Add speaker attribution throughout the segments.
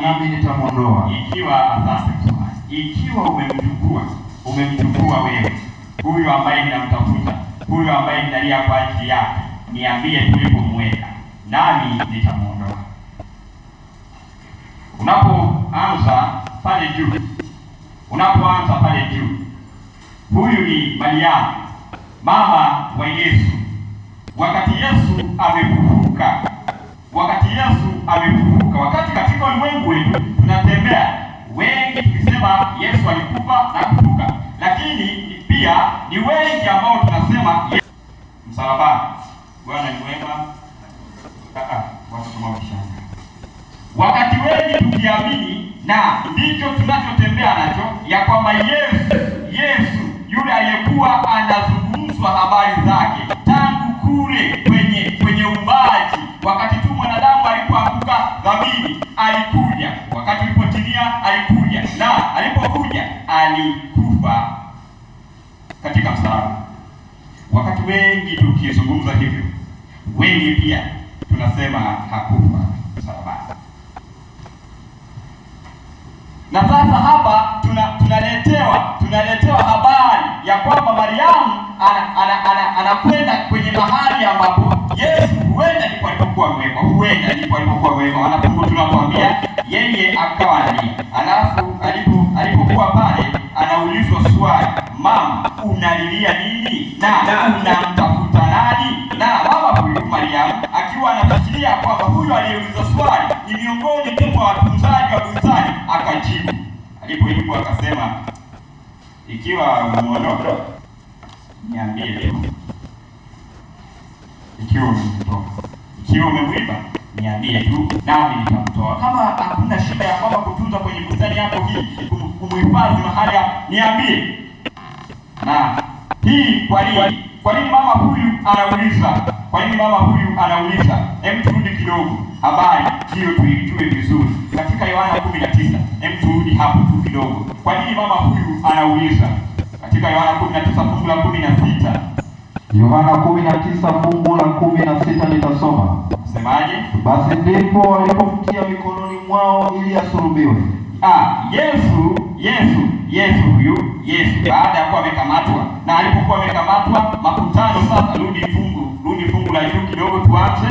Speaker 1: nami nitamwondoa.
Speaker 2: Ikiwa asasa, ikiwa umemchukua, umemchukua wewe huyo ambaye ninamtafuta, huyo ambaye ninalia kwa ajili yake, niambie tulipomweka, nami nitamwondoa. Unapoanza pale juu, unapoanza pale juu, huyu ni Mariamu mama wa Yesu. Wakati Yesu amefufuka, wakati Yesu amefufuka, wakati ulimwengu wetu tunatembea wengi tukisema Yesu alikufa na kufuka, lakini pia ni wengi ambao tunasema msalaba. Bwana ni mwema, ah, ah, wakati wengi tukiamini, na ndicho tunachotembea nacho ya kwamba Yesu Yesu yule aliyekuwa anazungumzwa habari zake tangu kule kwenye kwenye umbaji, wakati tu mwanadamu alipoanguka dhambi alikuja, wakati ulipotimia alikuja, na alipokuja alikufa katika msalaba. Wakati wengi tukizungumza hivyo, wengi pia tunasema hakufa msalabani. Na sasa hapa tuna, tunaletewa tunaletewa habari ya kwamba Mariamu anakwenda ana, ana, ana kwenye mahali ambapo Yesu huenda ni kwa alipokuwa amewekwa, huenda ndipo alipokuwa amewekwa, maana tunapoambia yeye akawa nani. Alafu alipokuwa pale, anaulizwa swali, mama, unalilia nini na unamtafuta nani? Na baba huyu Mariamu akiwa anafikiria kwamba huyu aliyeuliza swali ni miongoni mwa watunzaji wa bustani, akajibu. Alipojibu akasema, ikiwa umeondoka niambie leo ikiwa umeondoka ukiwa umemwiba niambie tu, nami nitamtoa. Kama hakuna shida ya kwamba kutunza kwenye bustani yako hii, kumhifadhi mahali, niambie. Na hii kwa nini? Kwa nini mama huyu anauliza? Kwa nini mama huyu anauliza? Hem, turudi kidogo, habari hiyo tuijue vizuri katika Yohana 19. Hem, turudi hapo tu kidogo. Kwa nini mama huyu anauliza? Katika Yohana 19 fungu la 16 Yohana kumi na tisa fungu la kumi na sita nitasoma. Semaje? Basi ndipo walipomtia mikononi mwao ili asulubiwe. Ah, Yesu Yesu Yesu huyu Yesu, baada ya kuwa amekamatwa, na alipokuwa amekamatwa, makutano sasa, rudi fungu, rudi fungu la juu kidogo, tuache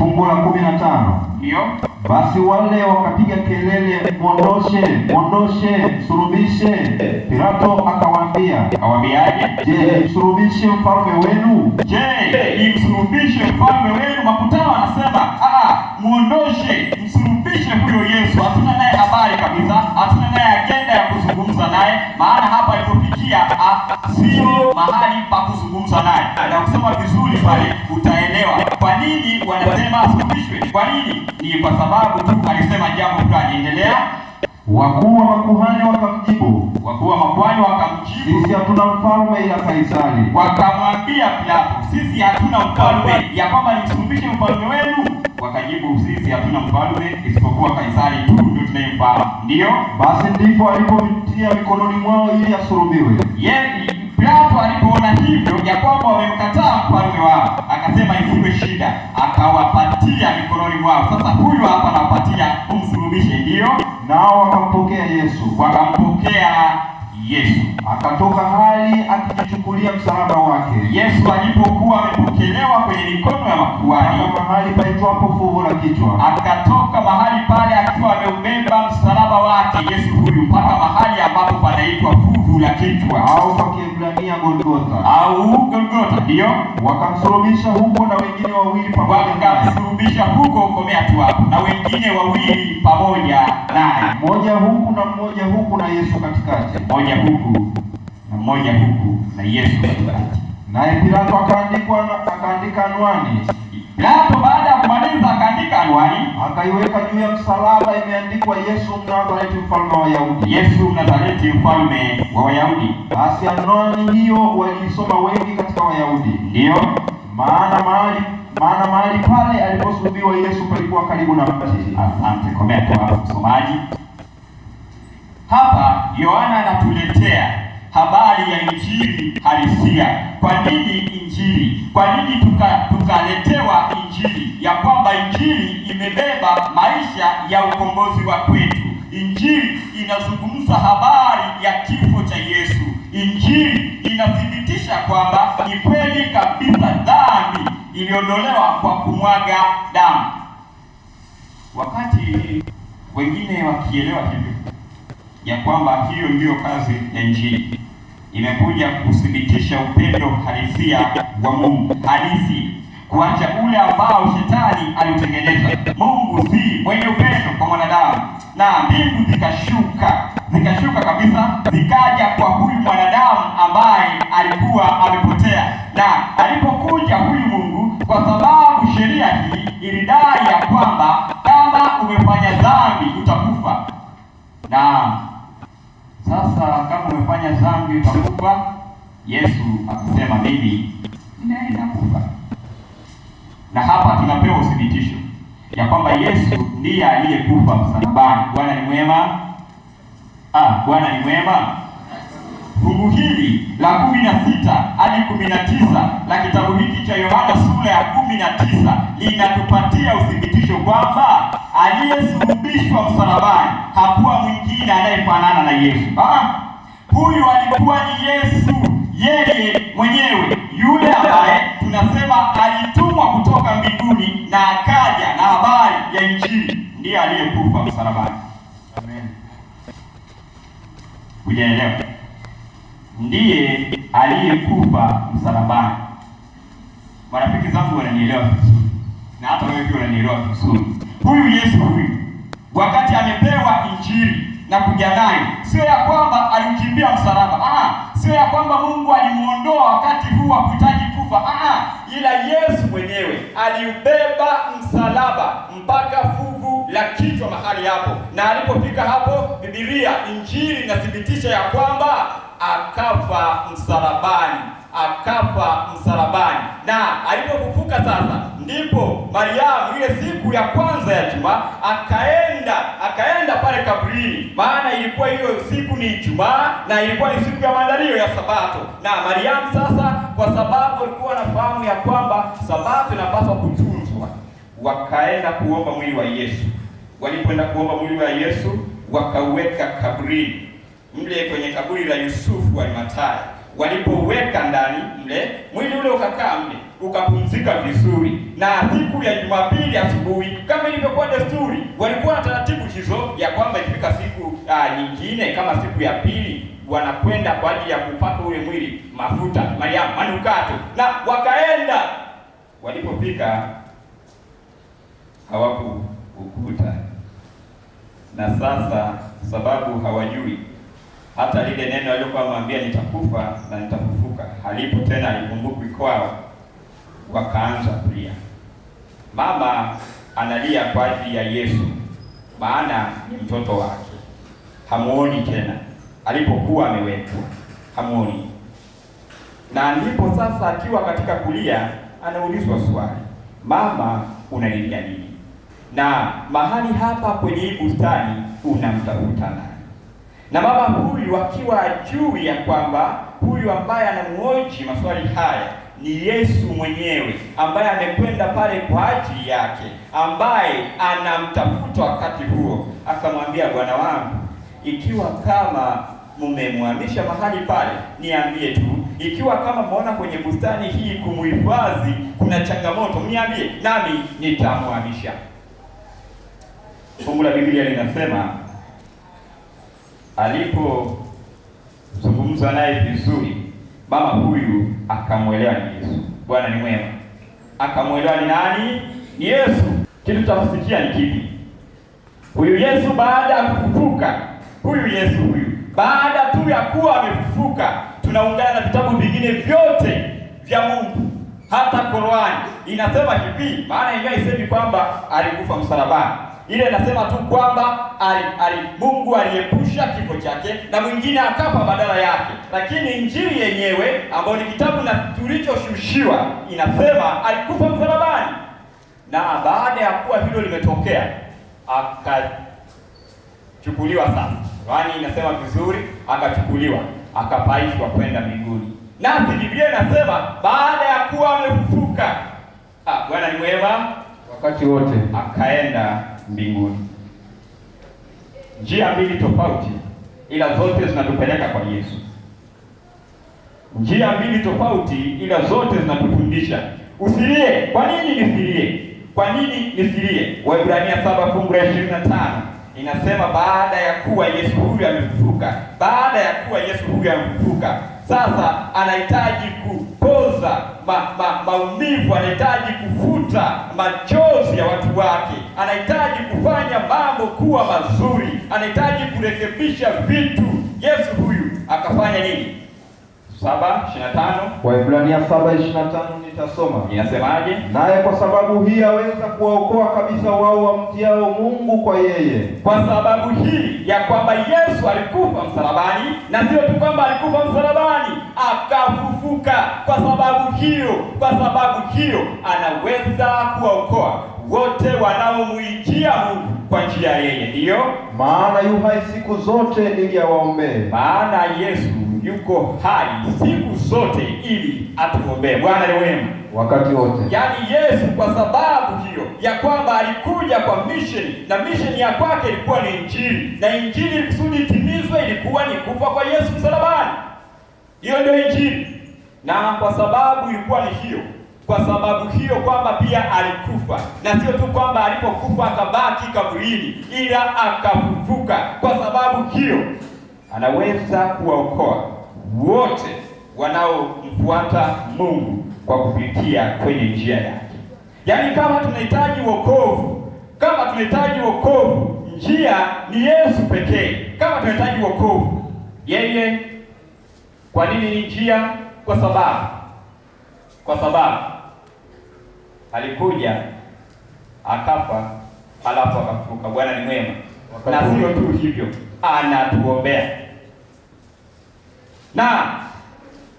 Speaker 2: fungu la kumi na tano ndio basi wale wakapiga kelele, mwondoshe, mwondoshe, msulubishe. Pilato akawaambia, akawaambiaje? Je, msulubishe mfalme wenu? Je, nimsulubishe mfalme wenu? Makutano anasema mwondoshe, msulubishe huyo Yesu. Hatuna naye habari kabisa, hatuna naye agenda ya kuzungumza naye, maana hapa alipofikia ah, sio mahali pa kuzungumza naye, na kusema vizuri pale utaelewa kwa nini wanasema asufishwe? Kwa nini? Ni kwa sababu alisema jambo fulani. Endelea. Wakuu wa makuhani wakamjibu, wakuu wa makuhani wakamjibu, sisi hatuna mfalme ila Kaisari. Wakamwambia Pilato, sisi hatuna mfalme, ya kwamba nimsumbishe mfalme wenu? Wakajibu, sisi hatuna mfalme isipokuwa Kaisari tu ndio tunayemfahamu. Ndio basi, ndipo alipomtia mikononi mwao ili asulubiwe. Yeye Pilato alipoona hivyo ya kwamba wamemkataa mfalme wao, akasema isiwe shida, akawapatia mikononi mwao. Sasa huyu hapa anawapatia, umsulubishe. ndio nao wakampokea Yesu, wakampokea Yesu akatoka hali akijichukulia msalaba wake. Yesu alipokuwa amepokelewa kwenye mikono ya makuhani, mahali paitwapo fuvu la kichwa, akatoka mahali pale akiwa ameubeba msalaba wake Yesu huyu mpaka mahali ambapo panaitwa fuvu la kichwa au kwa Kiebrania Golgotha au Golgotha, ndiyo. Wakamsulubisha huko na wengine wawili pamoja, wakamsulubisha huko, komea tu hapo, na wengine wawili pamoja naye, mmoja huku na mmoja huku na Yesu katikati, mmoja mmoja huku na mmoja huku na Yesu katikati. Naye Pilato akaandikwa akaandika anwani. Pilato baada ya kumaliza akaandika anwani, akaiweka juu ya msalaba, imeandikwa Yesu Mnazareti, mfalme wa Wayahudi. Yesu Mnazareti, mfalme wa Wayahudi. Basi anwani hiyo waliisoma wengi katika Wayahudi, Ndio. maana mahali maana mahali pale aliposulubiwa Yesu palikuwa karibu na mji. Asante, komea kwa msomaji. Hapa Yohana anatuletea habari ya injili halisia. Kwa nini injili? Kwa nini tukaletewa tuka injili? Ya kwamba injili imebeba maisha ya ukombozi wa kwetu. Injili inazungumza habari ya kifo cha Yesu. Injili inathibitisha kwamba ni kweli kabisa dhambi iliondolewa kwa kumwaga damu. Wakati wengine wakielewa hivyo ya kwamba hiyo ndiyo kazi ya Injili, imekuja kuthibitisha upendo halisia wa Mungu halisi, kuacha ule ambao shetani alitengeneza. Mungu si mwenye upendo kwa mwanadamu, na mbingu zikashuka, zikashuka kabisa, zikaja kwa huyu mwanadamu ambaye alikuwa amepotea, na alipokuja huyu Mungu, kwa sababu sheria hii ilidai ya kwamba kama umefanya dhambi utakufa na sasa kama umefanya dhambi utakufa. Yesu akasema mimi naenda kufa, na hapa tunapewa uthibitisho ya kwamba Yesu ndiye aliyekufa msalabani. Bwana ni mwema, ah, Bwana ni mwema. Fungu hili la kumi na sita hadi kumi na tisa la kitabu hiki cha Yohana sura ya kumi na tisa linatupatia uthibitisho kwamba aliyesulubishwa msalabani hakuwa mwingine anayefanana na Yesu. Huyu alikuwa ni Yesu yeye mwenyewe, yule ambaye tunasema alitumwa kutoka mbinguni na akaja na habari ya Injili, ndiye aliyekufa msalabani. Amen. Ujaelewa? ndiye aliyekufa msalabani. Marafiki zangu wananielewa vizuri, na hata wewe pia unanielewa vizuri. Huyu Yesu huyu wakati amepewa injili na kuja sio ya kwamba alikimbia msalaba, ah, sio ya kwamba Mungu alimuondoa wakati huu akuhitaji kufa, ah, ila Yesu mwenyewe aliubeba msalaba mpaka fuvu la kichwa mahali hapo, na alipofika hapo, Biblia, injili inathibitisha ya kwamba akafa msalabani, akafa msalabani. Na alipofufuka sasa, ndipo Mariamu ile siku ya kwanza ya juma akaenda akaenda pale kaburini, maana ilikuwa hiyo siku ni Ijumaa na ilikuwa ni siku ya maandalio ya Sabato. Na Mariamu sasa, kwa sababu alikuwa anafahamu ya kwamba Sabato inapaswa kutunzwa, wakaenda kuomba mwili wa Yesu. Walipoenda kuomba mwili wa Yesu, wakauweka kaburini mle kwenye kaburi la Yusufu Arimathaya, walipoweka ndani mle mwili ule ukakaa mle ukapumzika vizuri, na siku ya Jumapili asubuhi kama ilivyokuwa desturi, walikuwa na taratibu hizo ya kwamba ikifika siku aa, ah, nyingine kama siku ya pili wanakwenda kwa ajili ya kupaka ule mwili mafuta Mariamu manukato, na wakaenda. Walipofika hawakuukuta, na sasa sababu hawajui hata lile neno alilokuwa amwambia nitakufa na nitafufuka halipo tena, alikumbukwi kwao, wakaanza kulia. Mama analia kwa ajili ya Yesu, maana ni mtoto wake. Hamuoni tena, alipokuwa amewekwa hamuoni. Na ndipo sasa, akiwa katika kulia, anaulizwa swali, mama, unalilia nini? Na mahali hapa kwenye hii bustani unamtafuta nani? na baba huyu akiwa ajui ya kwamba huyu ambaye anamwoji maswali haya ni Yesu mwenyewe ambaye amekwenda pale kwa ajili yake, ambaye anamtafuta wakati huo, akamwambia, bwana wangu, ikiwa kama mmemhamisha mahali pale, niambie tu. Ikiwa kama mmeona kwenye bustani hii kumhifadhi kuna changamoto, niambie nami nitamhamisha. Fungu la Biblia linasema alipozungumza naye vizuri, mama huyu akamwelewa ni Yesu. Bwana ni mwema, akamwelewa ni nani? Ni Yesu. Kitu cha kusikia ni kipi? Huyu Yesu baada ya kufufuka, huyu Yesu huyu baada tu ya kuwa amefufuka, tunaungana na vitabu vingine vyote vya Mungu, hata Qur'ani inasema hivi, maana ingawa isemi kwamba alikufa msalabani ile inasema tu kwamba ali, ali, Mungu aliepusha kifo chake na mwingine akafa badala yake, lakini injili yenyewe ambayo ni kitabu na tulichoshushiwa inasema alikufa msalabani, na baada ya kuwa hilo limetokea akachukuliwa. Sasa yaani inasema vizuri, akachukuliwa akapaishwa kwenda mbinguni. Nasi Biblia inasema baada ya kuwa amefufuka, ah, Bwana ni mwema wakati wote, akaenda mbinguni. Njia mbili tofauti, ila zote zinatupeleka kwa Yesu. Njia mbili tofauti, ila zote zinatufundisha usilie. Kwa nini nisilie? Kwa nini nisilie? Waebrania saba fungu la ishirini na tano inasema baada ya kuwa Yesu huyu amefufuka, baada ya kuwa Yesu huyu amefufuka, sasa anahitaji kupoza ma, ma, maumivu, anahitaji kufuta machozi ya watu wake, anahitaji kufanya mambo kuwa mazuri, anahitaji kurekebisha vitu. Yesu huyu akafanya nini? 7:25 Waebrania 7:25 Tutasoma inasemaje? Naye kwa sababu hii aweza kuwaokoa kabisa wao wamtiao Mungu kwa yeye. Kwa sababu hii ya kwamba Yesu alikufa msalabani, na sio tu kwamba alikufa msalabani, akafufuka. Kwa sababu hiyo, kwa sababu hiyo anaweza kuwaokoa wote wanaomwijia Mungu kwa njia yeye. Ndiyo maana yu hai siku zote ili awaombee. Maana Yesu yuko hai siku zote ili atuombee. Bwana ni wema wakati wote. Yaani Yesu kwa sababu hiyo ya kwamba alikuja kwa misheni na misheni ya kwake ilikuwa ni Injili, na Injili kusudi itimizwe ilikuwa ni kufa kwa Yesu msalabani. Hiyo ndio Injili, na kwa sababu ilikuwa ni hiyo kwa sababu hiyo kwamba pia alikufa, na sio tu kwamba alipokufa akabaki kaburini, ila akafufuka. Kwa sababu hiyo anaweza kuwaokoa wote wanaomfuata Mungu kwa kupitia kwenye njia yake. Yaani, kama tunahitaji wokovu, kama tunahitaji wokovu, njia ni Yesu pekee. Kama tunahitaji wokovu, yeye. Kwa nini ni njia? Kwa sababu, kwa sababu alikuja akafa, halafu akafuka. Bwana ni mwema, na sio tu hivyo, anatuombea na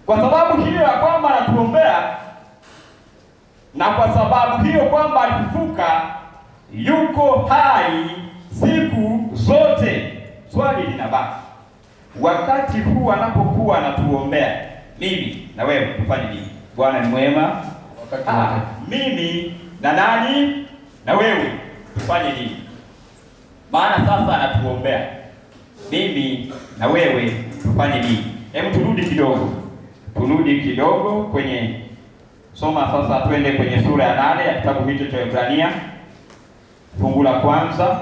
Speaker 2: kwa sababu hiyo ya kwamba anatuombea na kwa sababu hiyo kwamba alifufuka, yuko hai siku zote. Swali linabaki, wakati huu anapokuwa anatuombea, mimi na wewe tufanye nini? Bwana ni mwema wakati ah, mimi na nani na wewe tufanye nini? Maana sasa anatuombea, mimi na wewe tufanye nini? Hem, turudi kidogo, turudi kidogo kwenye soma sasa, twende kwenye sura ya nane ya kitabu hicho cha Ibrania fungu la kwanza.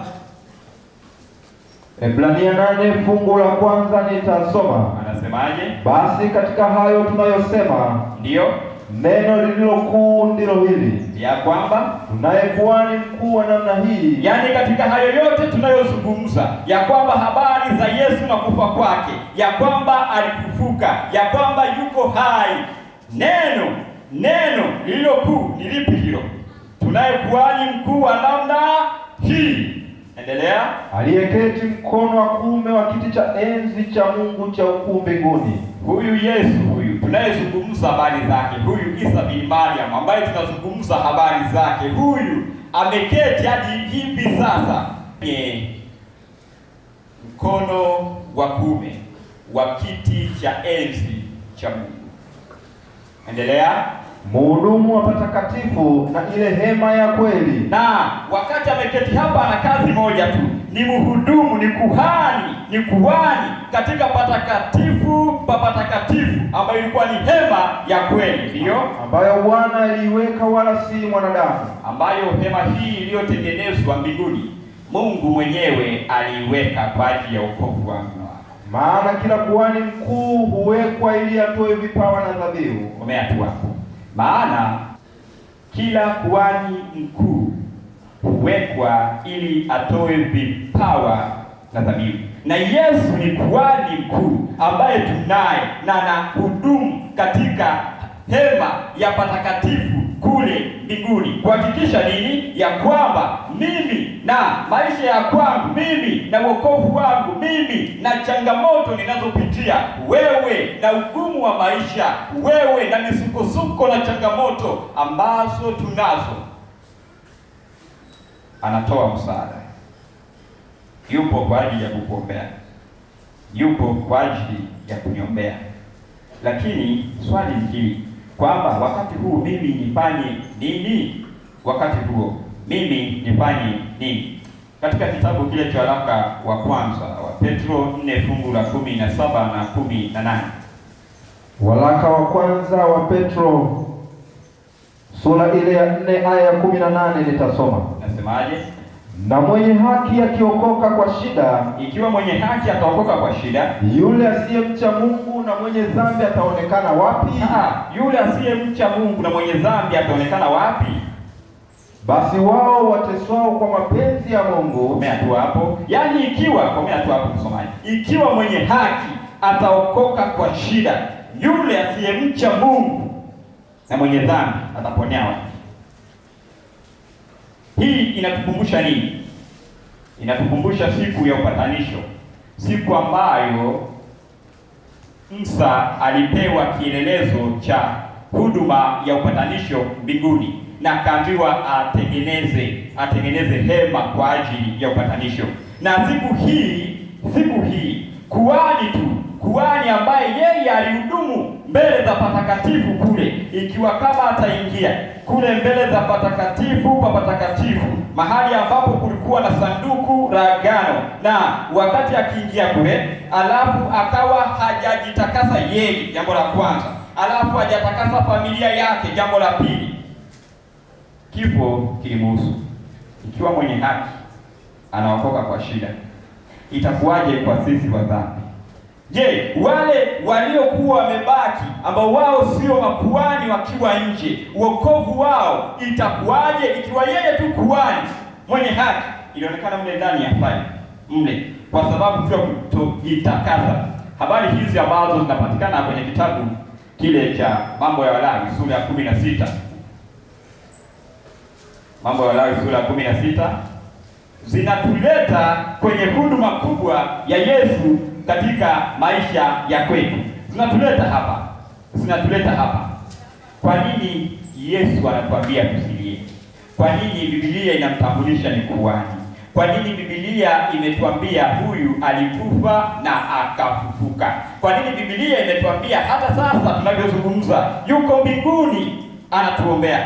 Speaker 2: Ibrania nane fungu la kwanza nitasoma. Anasemaje? Basi katika hayo tunayosema, ndiyo Neno lililokuu ndilo hili ya kwamba tunaye kuhani mkuu wa namna hii, yaani katika hayo yote tunayozungumza, ya kwamba habari za Yesu na kufa kwake, ya kwamba alifufuka, ya kwamba yuko hai, neno neno lililokuu ni lipi hilo? Tunaye kuhani mkuu wa namna hii Endelea. Aliyeketi mkono wa kuume wa kiti cha enzi cha Mungu cha ukuu mbinguni, huyu Yesu huyu tunayezungumza habari zake huyu Isa bin Maryam ambaye tunazungumza habari zake huyu, ameketi hadi hivi sasa kwenye mkono wa kume wa kiti cha enzi cha Mungu. Endelea. Muhudumu wa patakatifu na ile hema ya kweli. Na wakati ameketi hapa, ana kazi moja tu, ni muhudumu, ni kuhani, ni kuhani katika patakatifu pa patakatifu, ambayo ilikuwa ni hema ya kweli, ndiyo ambayo Bwana aliiweka, wala si mwanadamu, ambayo hema hii iliyotengenezwa mbinguni, Mungu mwenyewe aliiweka kwa ajili ya wokovu wangu maana kila kuhani mkuu huwekwa ili atoe vipawa na dhabihu. Umeatua maana kila kuhani mkuu huwekwa ili atoe vipawa na dhabihu, na Yesu ni kuhani mkuu ambaye tunaye na na hudumu katika hema ya patakatifu kule mbinguni kuhakikisha nini? Ya kwamba mimi na maisha ya kwangu mimi na wokovu wangu mimi na changamoto ninazopitia wewe, na ugumu wa maisha wewe, na misukosuko na changamoto ambazo tunazo, anatoa msaada. Yupo kwa ajili ya kukuombea, yupo kwa ajili ya kuniombea. Lakini swali ni hili kwamba wakati huu mimi nifanye nini? Wakati huo mimi nifanye dini. Katika kitabu kile cha waraka wa kwanza wa Petro nne fungu la kumi na saba na kumi na nane waraka wa kwanza wa Petro sura ile ya nne aya ya kumi na nane nitasoma. Nasemaje? na mwenye haki akiokoka kwa shida, ikiwa mwenye haki ataokoka kwa shida, yule asiyemcha Mungu na mwenye dhambi ataonekana wapi? Ha, yule asiyemcha Mungu na mwenye dhambi ataonekana wapi? basi wao wateswao kwa mapenzi ya Mungu. tu hapo, yaani ikiwa tu hapo msomaji, ikiwa mwenye haki ataokoka kwa shida, yule asiyemcha Mungu na mwenye dhambi ataponyawa Hii inatukumbusha nini? Inatukumbusha siku ya upatanisho, siku ambayo Musa alipewa kielelezo cha huduma ya upatanisho mbinguni na akaambiwa atengeneze atengeneze hema kwa ajili ya upatanisho. Na siku hii siku hii kuhani tu kuhani ambaye yeye alihudumu mbele za patakatifu kule, ikiwa kama ataingia kule mbele za patakatifu pa patakatifu, mahali ambapo kulikuwa na sanduku la agano, na wakati akiingia kule, alafu akawa hajajitakasa yeye, jambo la kwanza, alafu hajatakasa familia yake, jambo la pili Kifo kilimuhusu. Ikiwa mwenye haki anaokoka kwa shida, itakuwaje kwa sisi wa dhambi? Je, wale waliokuwa wamebaki ambao wao sio makuhani wakiwa nje, uokovu wao itakuwaje? Ikiwa yeye tu kuhani mwenye haki ilionekana mle ndani ya fai mle, kwa sababu tu ya kutojitakasa. Habari hizi ambazo zinapatikana kwenye kitabu kile cha mambo ya Walawi sura ya kumi na sita Mambo ya Walawi sura ya kumi na sita zinatuleta kwenye huduma kubwa ya Yesu katika maisha ya kwetu, zinatuleta hapa, zinatuleta hapa. Kwa nini Yesu anatuambia tusilie? Kwa nini Biblia inamtambulisha ni kuhani? Kwa nini Biblia imetuambia huyu alikufa na akafufuka? Kwa nini Biblia imetuambia hata sasa tunavyozungumza yuko mbinguni anatuombea?